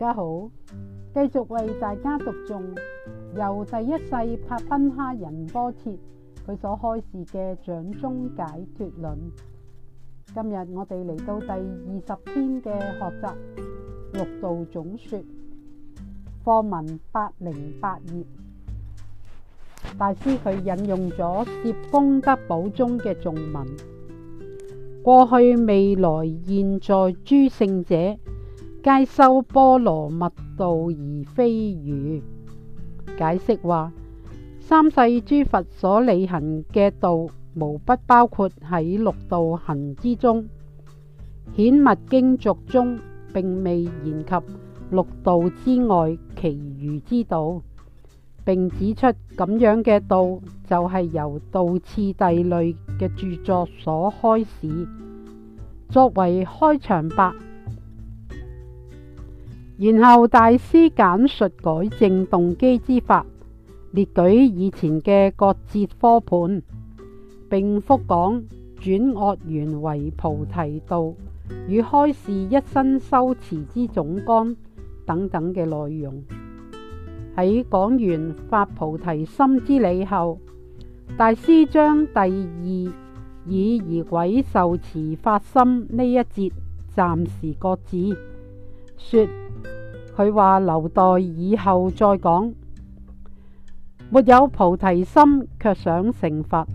大家好，繼續為大家讀誦由第一世帕繃喀仁波切佢所開示嘅《掌中解脫論》。今日我哋嚟到第二十天嘅學習六度總說課文八零八頁，大師佢引用咗《攝功德寶中》嘅頌文，過去、未來、現在諸勝者。皆修波羅蜜道而非餘。解釋話，三世諸佛所履行嘅道，無不包括喺六度行之中。顯密經續中，並未言及六道之外其餘之道，並指出咁樣嘅道就係、是、由道次第類嘅著作所開示，作為開場白。然後大師簡述，述改正動機之法，列舉以前嘅各節科判，並複講轉惡緣為菩提道與開示一生修持之總綱等等嘅內容。喺講完發菩提心之理後，大師將第二以儀軌受持發心呢一節暫時擱置，說。佢話留待以後再講。沒有菩提心，卻想成佛，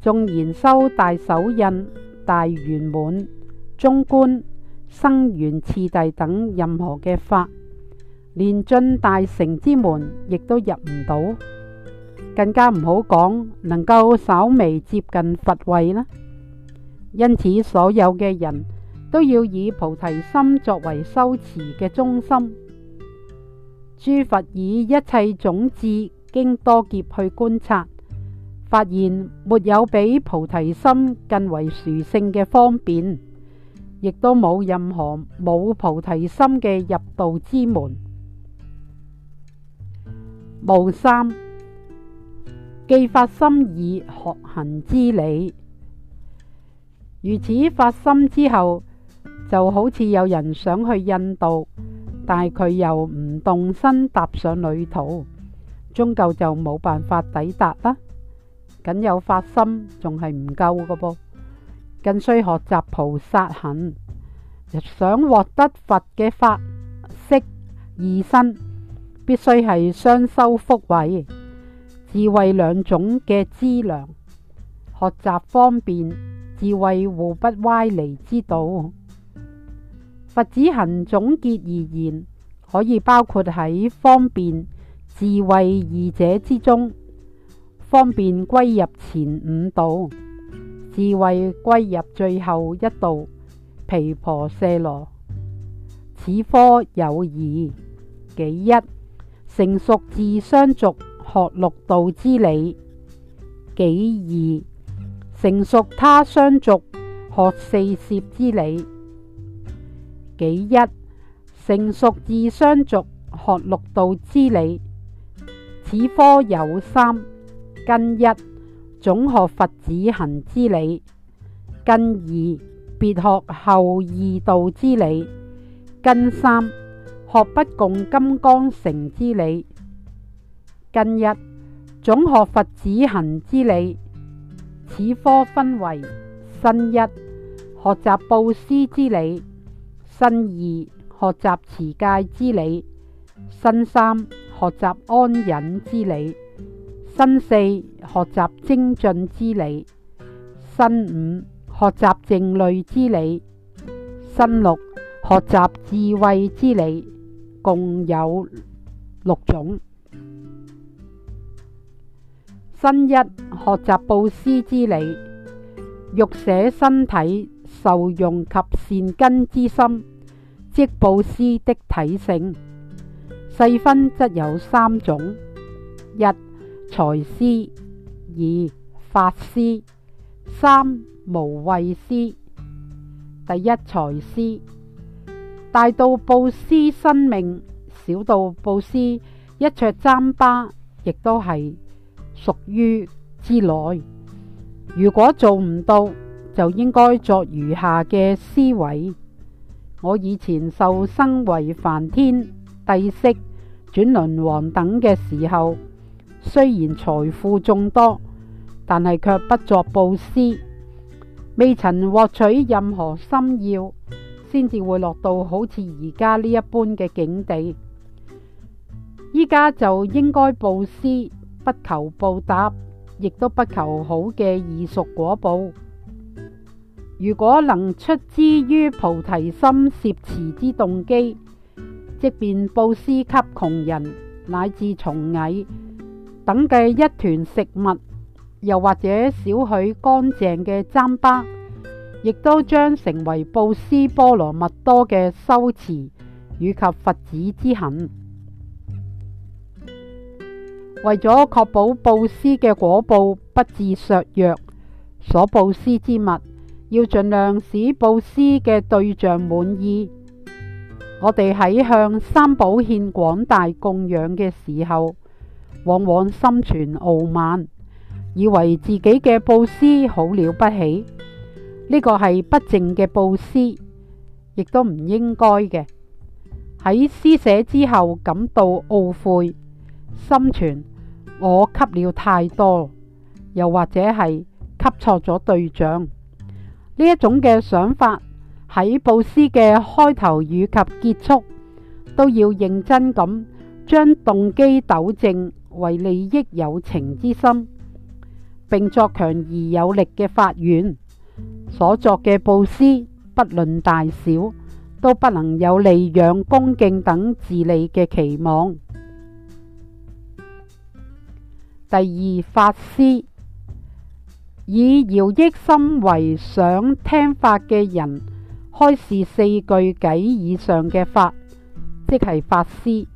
縱然修大手印、大圓滿、中觀、生圓次第等任何嘅法，連進大乘之門亦都入唔到，更加唔好講能夠稍微接近佛位啦。因此，所有嘅人都要以菩提心作為修持嘅中心。諸佛以一切種智經多劫去觀察，發現沒有比菩提心更為殊勝嘅方便，亦都冇任何冇菩提心嘅入道之門。戊三，既發心已學行之理，如此發心之後，就好似有人想去印度。但係佢又唔動身踏上旅途，終究就冇辦法抵達啦。僅有發心仲係唔夠嘅噃，更需學習菩薩行。想獲得佛嘅法、色、二身，必須係雙修福慧、智慧兩種嘅資糧，學習方便智慧，互不乖離之道。佛子行總結而言，可以包括喺方便、智慧二者之中。方便歸入前五度，智慧歸入最後一度，毘缽舍那，此科有二：己一，成熟自相續學六度之理；己二，成熟他相續學四攝之理。己一，成熟自相續學六度之理，此科有三，庚一總學佛子行之理，庚二別學後二度之理，庚三學不共金剛乘之理。庚一總學佛子行之理，此科分為辛一學習佈施之理。辛二學習持戒之理，辛三學習安忍之理，辛四學習精進之理，辛五學習靜慮之理，辛六學習智慧之理，共有六種。辛一學習佈施之理，欲捨身體。受用及善根之心，即佈施的體性。細分則有三種：一財施，二法施，三無畏施。第一財施，大到佈施生命，小到佈施一撮糌粑，亦都係屬於之內。如果做唔到。就應該作如下嘅思維：我以前受生為梵天、帝釋、轉輪王等嘅時候，雖然財富眾多，但係却不作布施，未曾獲取任何心要，先至會落到好似而家呢一般嘅境地。依家就應該布施，不求報答，亦都不求好嘅異熟果報。如果能出之於菩提心攝持之動機，即便布施給窮人乃至蟲蟻等嘅一團食物，又或者少許乾淨嘅糌粑，亦都將成為布施波羅蜜多嘅修持以及佛子之行。為咗確保布施嘅果報不致削弱，所布施之物，要盡量使布施嘅對象滿意。我哋喺向三寶獻廣大供養嘅時候，往往心存傲慢，以為自己嘅布施好了不起。呢、這個係不淨嘅布施，亦都唔應該嘅。喺施捨之後感到懊悔，心存我給了太多，又或者係給錯咗對象。呢一種嘅想法。喺布施嘅開頭以及結束都要認真咁將動機糾正為利益有情之心，並作強而有力嘅發願。所作嘅布施，不論大小，都不能有利養、恭敬等自利嘅期望。第二，法施。以饒益心為想聽法嘅人，開示四句偈以上嘅法，即係法施。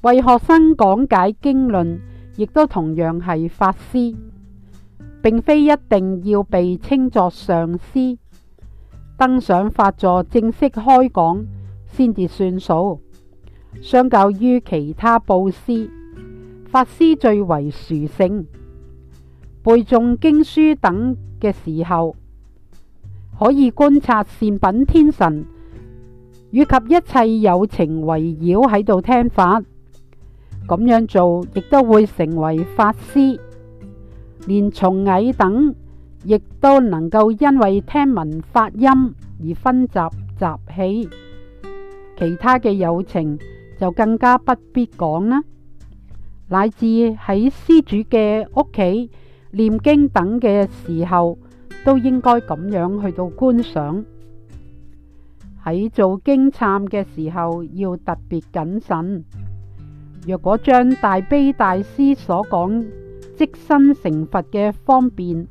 為學生講解經論，亦都同樣係法施，並非一定要被稱作上師。登上法座，正式開講先至算數。相較於其他布施，法施最為殊勝。背誦經書等嘅時候，可以觀察善品天神以及一切有情圍繞喺度聽法，咁樣做亦都會成為法施。連蟲蟻等亦都能夠因為聽聞法音而熏集習氣，其他嘅有情就更加不必講啦。乃至喺施主嘅屋企。念經等嘅時候都應該咁樣去到觀想。喺做經懺嘅時候要特別謹慎。若果將大悲大師所講即身成佛嘅方便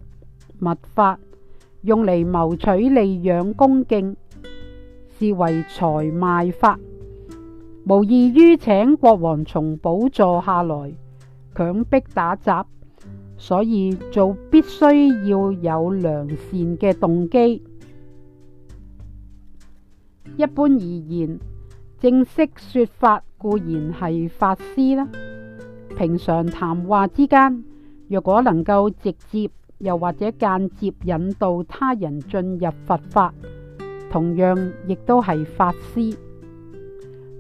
密法用嚟謀取利養恭敬，是為財賣法，無異於請國王從寶座下來，強迫打雜。所以做必須要有良善嘅動機。一般而言，正式說法固然係法施啦。平常談話之間，若果能夠直接又或者間接引導他人進入佛法，同樣亦都係法施。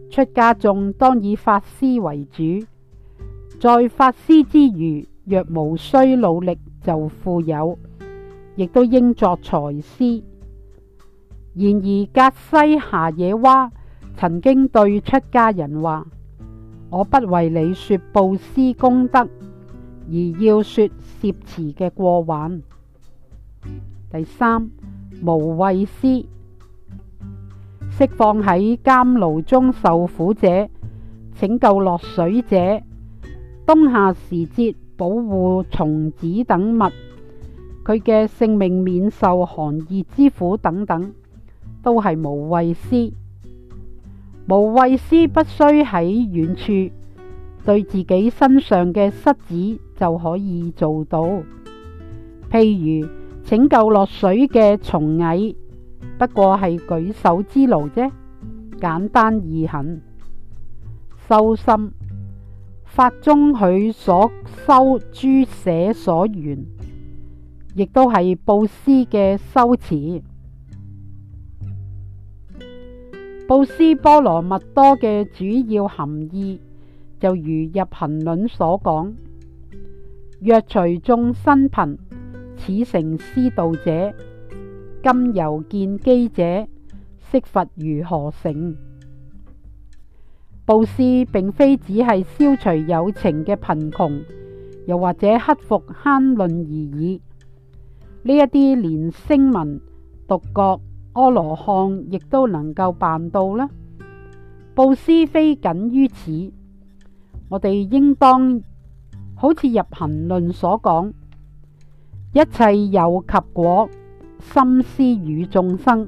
出家眾當以法施為主，在法施之餘。若無需努力就富有，亦都應作財施。然而格西霞惹瓦曾經對出家人話：我不為你說佈施功德，而要說涉詞嘅過患。第三無畏施，釋放喺監牢中受苦者，拯救落水者，冬夏時節。保護蟲子等物，佢嘅性命免受寒熱之苦等等，都係無畏施。無畏施不需喺遠處，對自己身上嘅虱子就可以做到。譬如拯救落水嘅蟲蟻，不過係舉手之勞啫，簡單易行。修心。法中佢所修諸捨所緣，亦都係布施嘅修持。布施波羅蜜多嘅主要含義，就如入行論所講：若除眾生貧，始成施度者，今猶見飢者，昔佛如何成？布施並非只係消除有情嘅貧窮，又或者克服慳吝而已。呢一啲連聲聞、獨覺、阿羅漢亦都能夠辦到啦。布施非僅於此，我哋應當好似入行論所講，一切有及果，心施予眾生，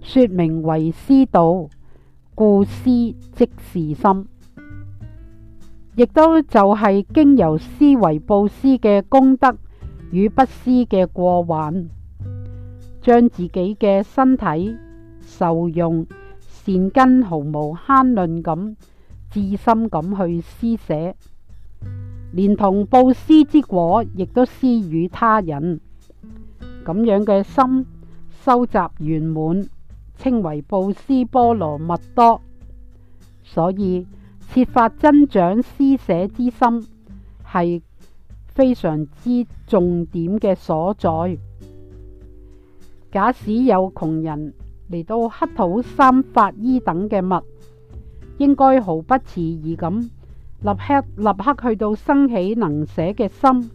說名為施度。故施即是心，亦都就係經由思維布施嘅功德與不施嘅過患，將自己嘅身體受用善根毫無慳吝咁至深咁去施捨，連同布施之果亦都施與他人，咁樣嘅心修習圓滿。稱為布施波羅蜜多，所以設法增長施捨之心係非常之重點嘅所在。假使有窮人嚟到乞討三法衣等嘅物，應該毫不遲疑咁立刻立刻去到生起能捨嘅心。呢、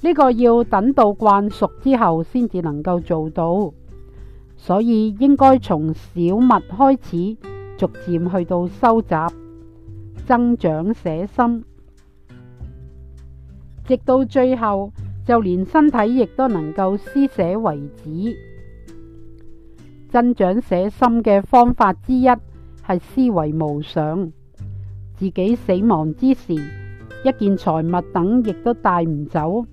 這個要等到慣熟之後先至能夠做到。所以應該從小物開始，逐漸去到收集增長捨心，直到最後就連身體亦都能夠施捨為止。增長捨心嘅方法之一係思維無常，自己死亡之時，一件財物等亦都帶唔走，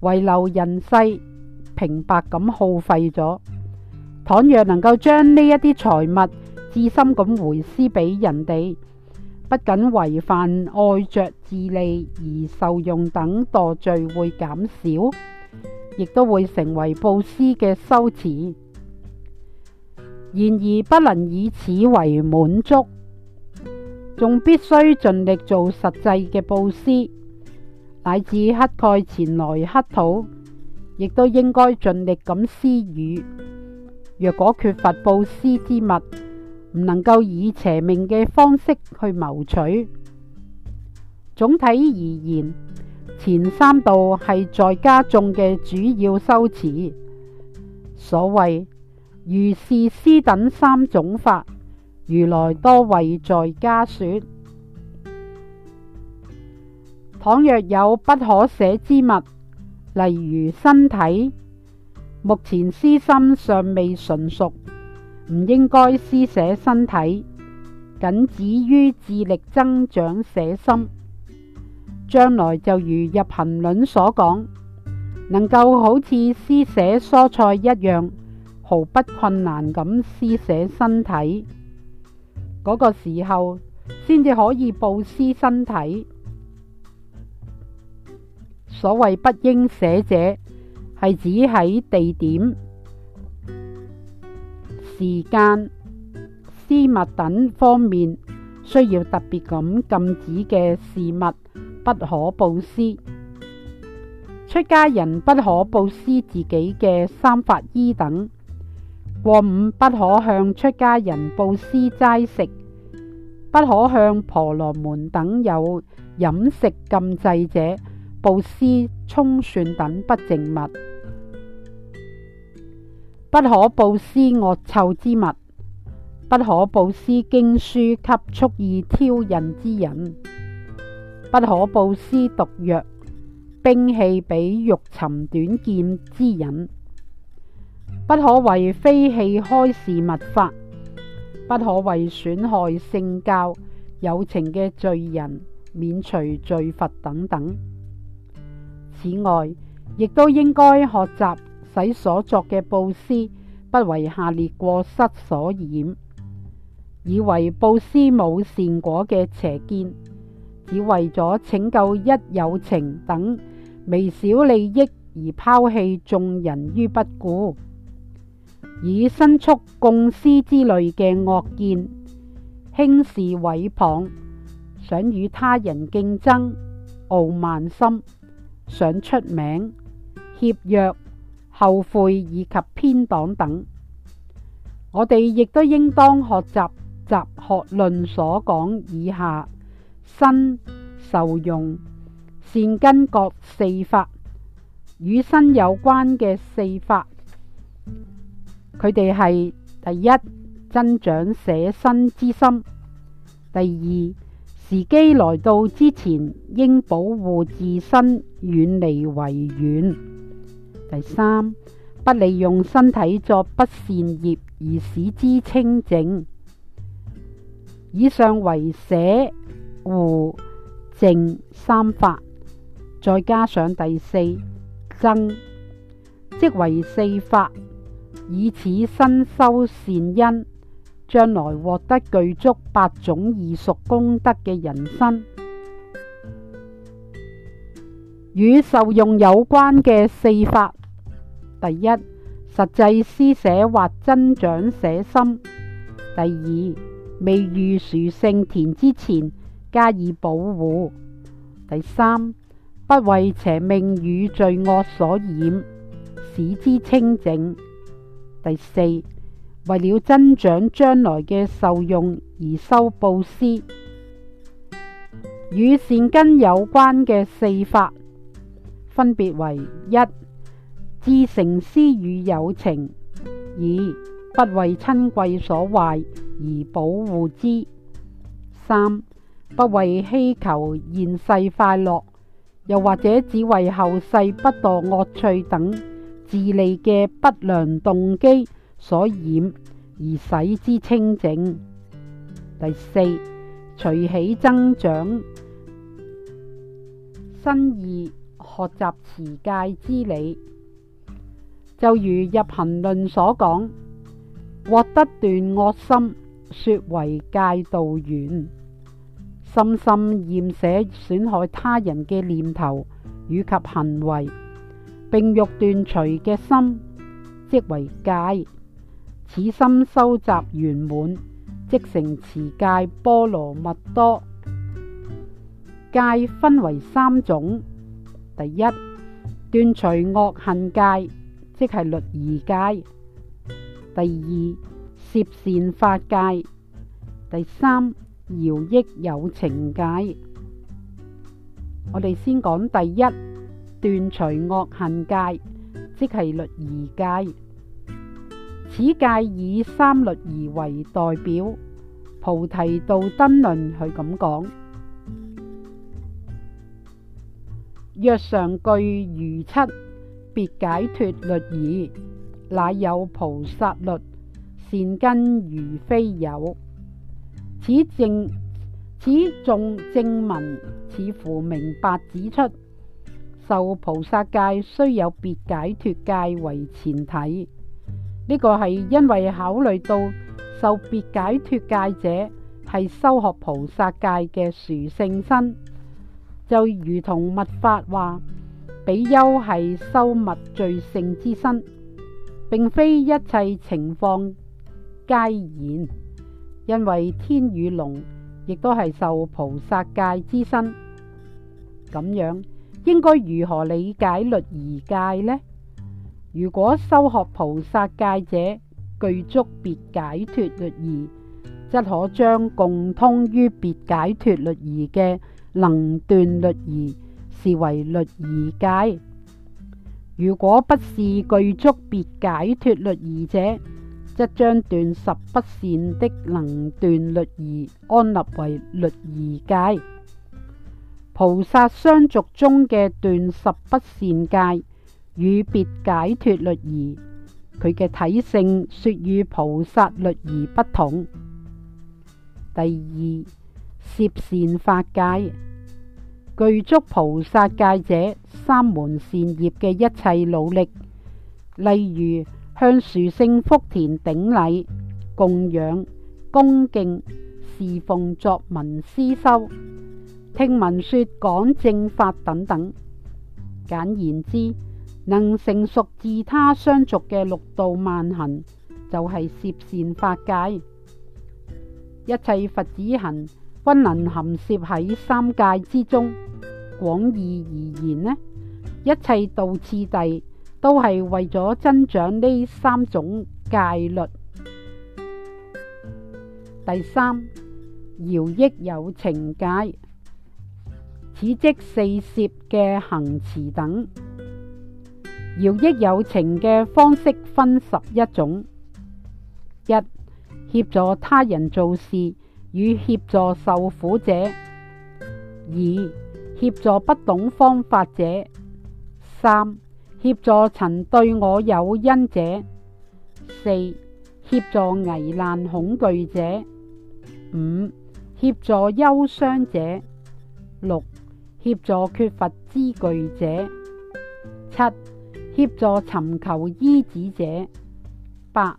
遺留人世平白咁耗費咗。倘若能夠將呢一啲財物至心咁回施俾人哋，不僅違犯愛着自利而受用等墮罪會減少，亦都會成為布施嘅修持。然而不能以此為滿足，仲必須盡力做實際嘅布施，乃至乞丐前來乞討，亦都應該盡力咁施予。若果缺乏佈施之物，唔能夠以邪命嘅方式去謀取。總體而言，前三度係在家眾嘅主要修持。所謂如是施等三種法，如來多為在家說。倘若有不可捨之物，例如身體。目前施心尚未純熟，唔應該施捨身體，僅止於致力增長捨心。將來就如入行論所講，能夠好似施捨蔬菜一樣，毫不困難咁施捨身體，嗰個時候先至可以布施身體。所謂不應捨者，係指喺地點、時間、私密等方面需要特別咁禁止嘅事物，不可布施。出家人不可布施自己嘅三法衣等。過午不可向出家人布施齋食，不可向婆羅門等有飲食禁制者布施葱蒜等不淨物。不可布施惡臭之物，不可布施經書給蓄意挑釁之人，不可布施毒藥、兵器俾欲尋短劍之人，不可為非器開示密法，不可為損害聖教、有情嘅罪人免除罪罰等等。此外，亦都應該學習。使所作嘅布施不為下列過失所掩，以為布施冇善果嘅邪見，只為咗拯救一有情等微小利益而拋棄眾人於不顧，以身促共施之類嘅惡見，輕視毀謗，想與他人競爭，傲慢心，想出名，怯弱。.後悔以及偏黨等，我哋亦都應當學習，習《集學論》所講以下身受用善根覺四法與身有關嘅四法，佢哋係，第一，增長捨身之心；第二，時機來到之前，應保護自身，遠離違緣。第三，不利用身體作不善業而使之清淨。以上為捨、護、淨三法，再加上第四增，即為四法，以此身修善因，將來獲得具足八種異熟功德嘅人身。與受用有關嘅四法：第一，實際施捨或增長捨心；第二，未遇殊勝田之前加以保護；第三，不為邪命與罪惡所染，使之清淨；第四，為了增長將來嘅受用而修布施。與善根有關嘅四法。分別為一、至誠施與有情；二、不為親貴所壞而保護之；三、不為希求現世快樂，又或者只為後世不墮惡趣等自利嘅不良動機所掩而使之清淨；第四，隨喜增長新意。學習持戒之理，就如《入行論》所講，獲得斷惡心，說為戒度圓，深深厭捨損害他人嘅念頭以及行為，並欲斷除嘅心，即為戒。此心修習圓滿，即成持戒波羅蜜多。戒分為三種。第一斷除惡恨戒，即係律儀戒；第二攝善法戒；第三饒益有情戒。我哋先講第一斷除惡恨戒，即係律儀戒。此戒以三律儀為代表，菩提道燈論係咁講。若上句如七：「別解脫律耳，乃有菩薩律，善根如非有。」此正此眾證文似乎明白指出，受菩薩戒須有別解脫戒為前提。呢個係因為考慮到受別解脫戒者係修學菩薩戒嘅殊勝身。就如同密法話，比丘係修密最勝之身，並非一切情況皆然，因為天與龍亦都係受菩薩戒之身。咁樣，應該如何理解律儀戒呢？如果修學菩薩戒者具足別解脫律儀，則可將共通於別解脫律儀嘅。能斷律儀是為律儀戒。如果不是具足別解脫律儀者，則將斷十不善的能斷律儀安立為律儀戒。菩薩相續中嘅斷十不善戒與別解脫律儀，佢嘅體性說與菩薩律儀不同。第二，攝善法戒。具足菩薩戒者，三門善業嘅一切努力，例如向殊勝福田頂禮、供養、恭敬、侍奉作聞思修、聽聞說講正法等等。簡言之，能成熟自他相續嘅六度萬行，就係、是、攝善法戒。一切佛子行。均能含攝喺三界之中。廣義而言呢，一切道次第都係為咗增長呢三種戒律。第三，饒益有情戒，此即四攝嘅行持等。饒益有情嘅方式分十一種：一協助他人做事。與協助受苦者，二協助不懂方法者，三協助曾對我有恩者，四協助危難恐懼者，五協助憂傷者，六協助缺乏知據者，七協助尋求醫子者，八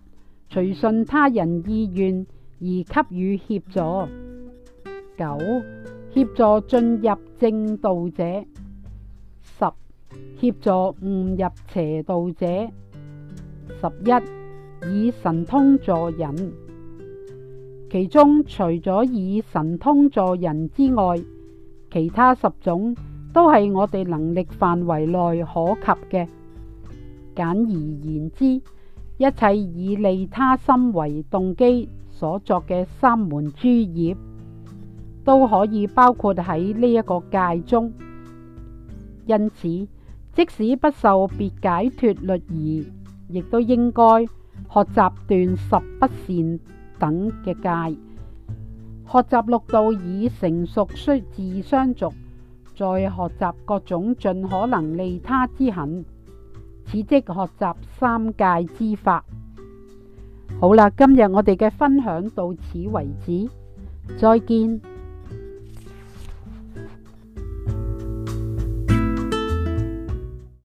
隨順他人意願。而給予協助，九協助進入正道者，十協助誤入邪道者，十一以神通助人。其中除咗以神通助人之外，其他十種都係我哋能力範圍內可及嘅。簡而言之，一切以利他心為動機。所作嘅三門諸業都可以包括喺呢一個戒中，因此即使不受別解脱律儀，亦都應該學習斷十不善等嘅戒。學習六度已成熟需自相續，再學習各種盡可能利他之行，此即學習三戒之法。好啦，今日我哋嘅分享到此為止，再見。